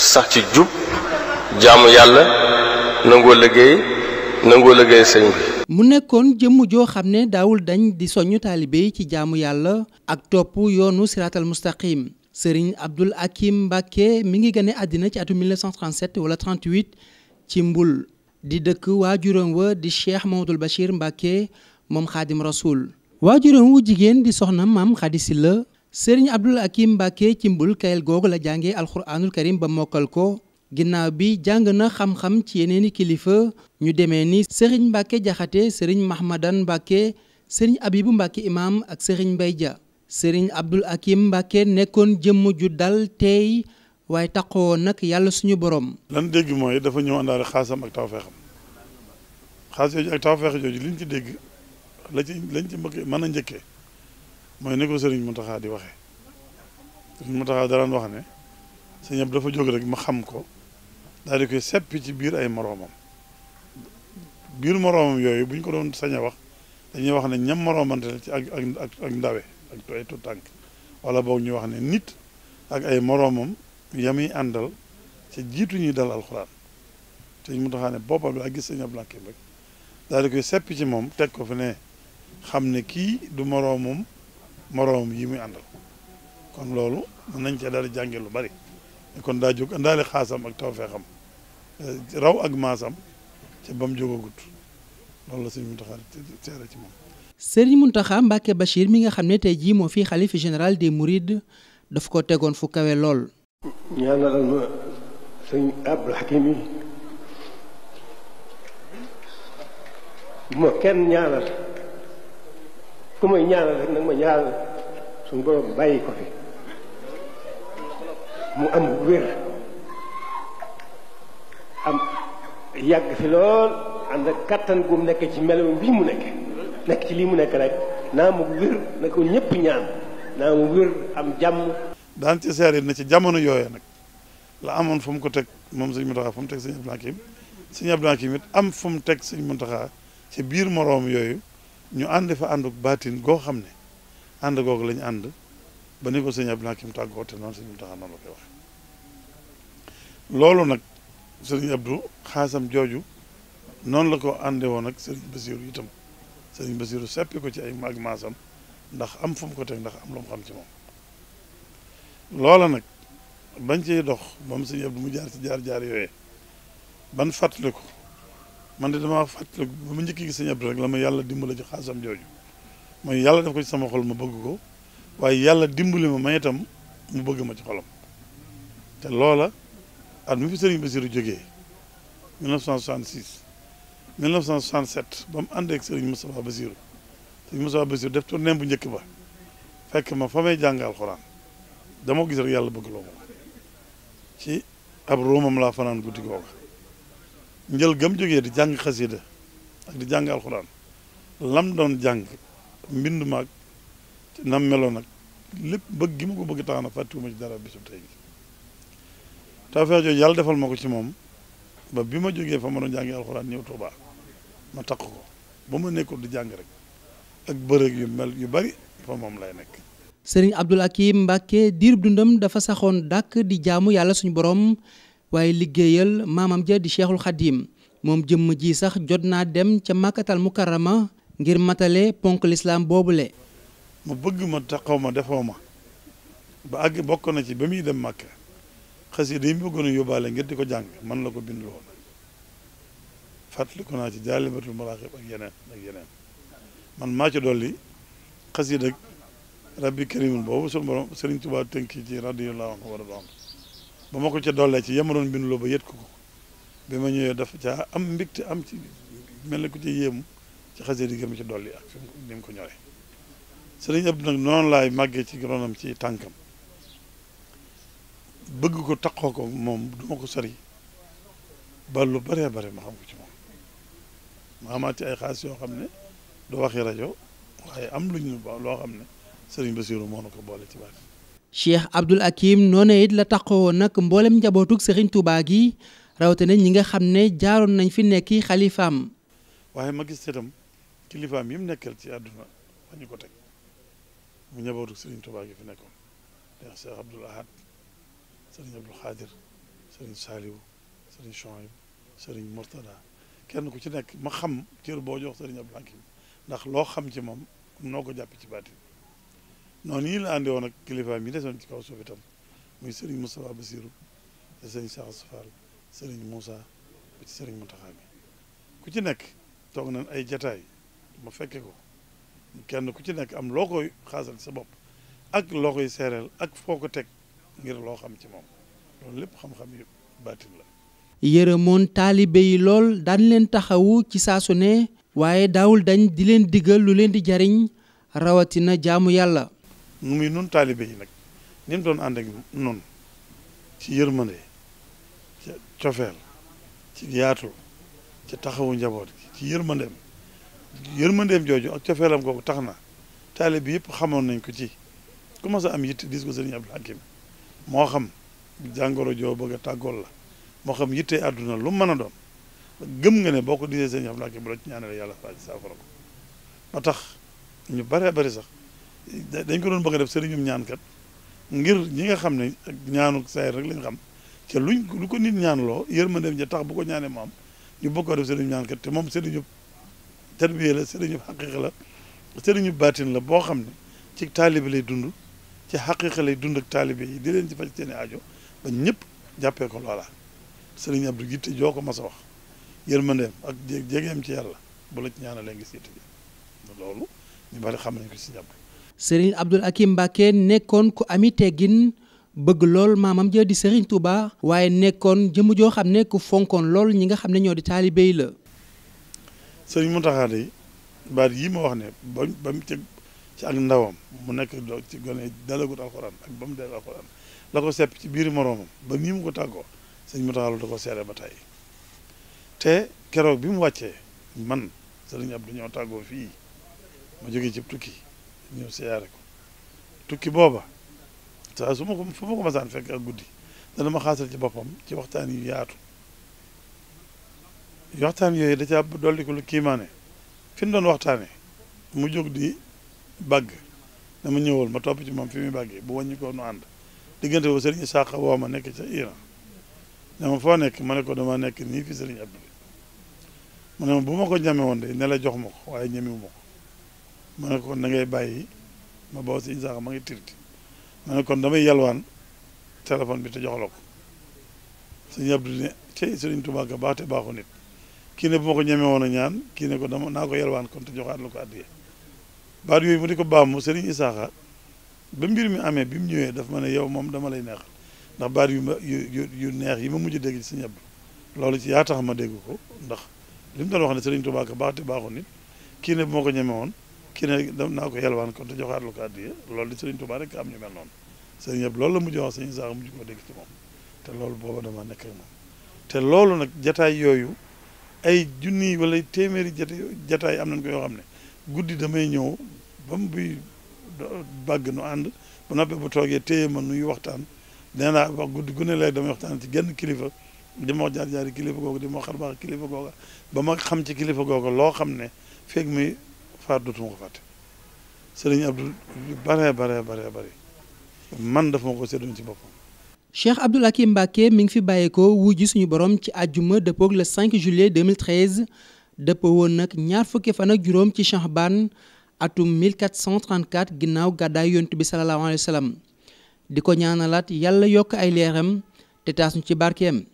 sax ci jub jaamu yàlla nangoo liggéey nangoo liggéey sëñ bi mu nekkoon jëmm joo xam ne daawul dañ di soññ taalibe yi ci jaamu yàlla ak topp yoonu siraatal mustaqim sëriñ Abdul Hakim Mbacke mi ngi gane àddina ci atum 1937 wala 38 ci mbul di dëkk waajuram wa di cheikh Mamadul Bachir Mbacke moom xaadim rasul waajuram wu jigéen di soxna maam Khady Sylla sëriñ Abdul Hakim Mbàkke ci mbul kayel googu la jànge alxuraanul karim ba mokkal ko ginnaaw bi jàng na xam-xam ci yeneeni kilifa ñu demee ni sëriñ Mbàkke jaxate sëriñ mahmadan Mbàkke sëriñ abibu Mbàkke imaam ak sëriñ mbay ja sëriñ Abdul Hakim Mbàkke nekkoon jëmm ju dal teey waaye taxoo nag yàlla suñu borom. lan dégg mooy dafa ñëw àndaale xaasam ak tawfeexam xaas yooyu ak tawfeex jooju liñ ci dégg lañ ci mbëkk mën a njëkkee mooy ni ko sëriñ Mountakha di waxee sëriñ Mountakha daraan wax ne sëñ dafa jóg rek ma xam ko daal di koy seppi ci biir ay moroomam biir moroomam yooyu bu ñu ko doon sañ wax dañuy wax ne ñam moroomante ci ak ak ak ndawe ak ay tutànk wala boog ñu wax ne nit ak ay moroomam yamuy àndal ci jiitu ñuy dal alxuraan te mu taxaa ne boppam laa gis sëñ Ablaye rek daal di koy seppi ci moom teg ko fi ne xam ne kii du moroomam moroomam yi muy àndal kon loolu mën nañ cee daal di jànge lu bari kon daa jóg andaale xaasam ak tawfeexam eh, raw ak maasam ca ba mu jógagut loolu la sëñ Muntaxa teere ci mi nga xam ne tey jii moo fi xalifa général des Mourides daf ko tegoon fu kawe lool ñaanalal ma sëñ Abdul Hakim yi bu kenn ñaanal ku may ñaanal rek nag ma ñaanal suñu borom bàyyi ko fi mu am wér am yàgg fi lool ànd ak kattan mu nekk ci melo bii mu nekk nekk ci lii mu nekk rek naa mu wér na ko ñëpp ñaan naa mu wér am jàmm. daan ci seer na ci jamono yooyee nag la amoon fu mu ko teg moom sëñ Muntaxa fu mu teg sëñ Abdou Hakim sëñ am fu mu teg sëñ Muntaxa ci biir moroom yooyu. ñu ànd fa ànd baatin goo xam ne ànd googu lañ ànd ba ni ko sëñ Abdou Hakim tàggoo te noonu sëñ Mountakha noonu la koy wax loolu nag sëriñ Abdou xaasam jooju noonu la ko ànde woon ak sëriñ Basiiru itam sëriñ Basiiru seppi ko ci ay mag maasam ndax am fu mu ko teg ndax am lu mu xam ci moom loola nag bañ ciy dox moom sëriñ Abdou mu jaar ci jaar-jaar yooyee ban fàttali ko man de damaa fàttaliku ba ma njëkk gi sëñ Abdou rek la ma yàlla dimbale ci xaasam jooju mooy yàlla def ko ci sama xol ma bëgg ko waaye yàlla dimbali ma may itam mu bëgg ma ci xolam te loola at mi fi sëriñ Basiru jógee 1966 1967 ba mu ànd ak sëriñ Moustapha Basiru sëriñ Moustapha Basiru def tournée bu njëkk ba fekk ma fa may jàng alxuraan dama gis rek yàlla bëgg loo ma ci ab roomam laa fanaan guddi googa njël gam jógee di jàng xasida ak di jàng alxuraan lam doon jàng mbind maag nam meloon nag lépp bëgg gi ma ko bëgg tax na fàttiwuma ci dara bisu tey bi tawfeex jooju yàlla defal ma ko ci moom ba bi ma jógee fa ma doon jàngi alxuraan ñëw Tuubaa ma takk ko ba ma nekkoon di jàng rek ak bërëg yu mel yu bari fa moom lay nekk sëriñ Abdou Hakim Mbacke diirub dundam dafa saxoon dàq di jaamu yàlla suñu borom waaye liggéeyal maamam ja di cheikhul xadim moom jëmm ji sax jot naa dem ca màkkatal mukarama ngir matale ponk lislaam boobule ma bëgg ma taxaw ma defoo ma ba àgg bokk na ci ba muy dem màkka xasida yi mu bëggoon a yóbbaale ngir di ko jàng man la ko bind loon fàttaliku naa ci jaalibatul maraaxib ak yeneen ak yeneen man maa ci dolli xasida rabbi karimun boobu sunu borom Sëriñ Tuubaa tënki ci radiyallahu anhu wa ba ma ko ca dollee ci yama doon binduloo ba yët ko bi ma ñëwee daf caa am mbégte am ci mel na ku ci yéem ci xasee di gëm ci dolli ak ni mu ko ñoree sëriñ Abdu nag noonu laay màggee ci ronam ci tànkam bëgg ko taqoo ko moom du ko sori ba lu baree bare ma xam ko ci moom ma amaat ci ay xaas yoo xam ne du waxi rajo waaye am lu luñ loo xam ne sëriñ Basiru moo na ko boole ci baat Cheikh Abdoul Hakim noonu it la taxawoon nag mboolem njabootug Serigne Touba gi rawatina ñi nga xam ne jaaroon nañ fi nekki xalifaam. waaye ma gis itam kilifaam yi mu nekkal ci àdduna fa ko teg mu njabootug Serigne Touba gi fi nekkoon ndax Cheikh Abdoul Ahad Serigne Abdoul Khadir Serigne Saliou Serigne Chouaib Serigne Mourtada kenn ku ci nekk ma xam cër boo jox Serigne Abdoul Hakim ndax loo xam ci moom noo ko jàpp ci baati. noonu yi la àndewoon ak kilifaam yi desoon ci kaw suuf itam muy sëriñ Moustapha Bassirou de sëriñ Cheikh Fall ba ci sëriñ Mountakha bi ku ci nekk toog nañ ay jataay ma fekke ko kenn ku ci nekk am loo koy xaasal ci sa bopp ak loo koy seereel ak foo ko teg ngir loo xam ci moom loolu lépp xam-xam yi baatin la yërëmoon taalibe yi lool daan leen taxawu ci saasu ne waaye daawul dañ di leen digal lu leen di jariñ rawatina jaamu yàlla nu muy nun taalibe yi nag ni mu doon ànd ak nun ci yërmande ci cofeel ci yaatu ci taxawu njaboot ci yërmandeem yërmandeem jooju ak cofeelam googu tax na taalibe bi yëpp xamoon nañ ko ci ku mas am yitt dis ko sëriñ Abdul Hakim moo xam jàngoro joo bëgg a tàggool la moo xam yittee adduna lu mën a doon gëm nga ne boo ko disee sëriñ Abdul Hakim bu la ci ñaanale yàlla faa ci saafara ko ba tax ñu baree bari sax dañ ko doon bëgg a def ñaan ñaankat ngir ñi nga xam ne ak ñaanu sayr rek lañ xam te luñ lu ko nit ñaanloo yërmandeem ja tax bu ko ñaanee moom ñu bëgg ko def sëriñum ñaankat te moom sëriñub tarbiya la sëriñub xaqiqa la sëriñub baatin la boo xam ne ci taalibe lay dund ci xaqiqa lay dund ak taalibe yi di leen ci faj seeni aajo ba ñëpp jàppee ko loola sëriñ Abdou Guité joo ko mas a wax yërmandeem ak jéeg jéegeem ci yàlla bu la ci ñaanalee ngi siiti ji loolu ñu bari xam nañ ko si jàpp sëriñ Abdul Hakim Mbacke nekkoon ku ami teggin bëgg lool maamam ja di sëriñ Touba. waaye nekkoon jëmm joo xam ne ku fonkoon lool ñi nga xam ne ñoo di taalibe yi la. sëriñ Mountakha de baat yii ma wax ne ba mu teg ci ak ndawam mu nekk ci gone dalagut alxuraan ak ba mu dellu alxuraan la ko sepp ci biir moroomam ba nii mu ko tàggoo sëriñ Mountakha loolu ko seere ba tey te keroog bi mu wàccee man sëriñ Abdou ñoo tàggoo fii ma jógee ci tukki. ñëw siyaare ko tukki booba saa su ma ko fu ma ko fekk ak guddi dana ma xaasal ci boppam ci waxtaan yu yaatu waxtaan yooyu da caa dolli ko lu kiimaane fi mu doon waxtaanee mu jóg di bàgg dama ñëwal ma topp ci moom fi muy bàggee bu wàññi ko nu ànd diggante boobu sëriñ Isaaxa woo ma nekk ca Iran dama foo nekk ma ne ko dama nekk nii fi sëriñ Abdou mu ne ma bu ma ko ñame woon de ne la ko waaye ñemewu ma ma ne kon da ngay bàyyi ma boo si Isaaxa ma ngi tirti kon damay yalwaan téléphone bi te jox sëñ Abdou ne tey sëriñ baax te baaxu nit kii ne bu ma ko ñemee woon a ñaan kii ne ko dama naa ko yalwaan kon te joxaat la ko addiya baat yooyu mu di ko mu sëriñ isaaka ba mbir mi amee bi mu ñëwee daf ma ne yow moom dama lay neexal ndax baat yu ma yu neex yi ma mujj dégg ci sëñ Abdou loolu ci yaa tax ma dégg ko ndax li mu doon wax ne sëriñ Tuubaa ka baax te baaxu nit kii ne bu ma ko ñemee woon ci ne dem naa ko yelwaan kon te joxaat lu ko addiya loolu di Sëriñ Tuubaa rek am ñu mel noonu sëriñ yëpp loolu la mujj wax ko dégg ci moom te loolu booba dama nekk ak moom te loolu nag jataay yooyu ay junni wala téeméeri jata jataay am nañ ko yoo xam ne guddi damay ñëw ba buy bàgg nu ànd bu noppee bu toogee téye ma nuy waxtaan nee naa wax guddi gu ne léegi damay waxtaan ci genn kilifa di ma wax jaar jaari kilifa googu di moo wax xarbaax kilifa googa ba ma xam ci kilifa googa loo xam ne feeg mi faat dootuma ko fàtte sëriñ Abdou baree ma ko seddoon ci mi ngi fi bàyyeekoo wuuji suñu borom ci àjjuma dëppoog le 5 juillet 2013 dëppoo woon nag ñaar fukki fan ak juróom ci Shahban atum 1434 ginnaaw gàddaay yontu bi sallallahu alayhi wa di ko ñaanalaat yàlla yokk ay leeram te taas ci barkeem.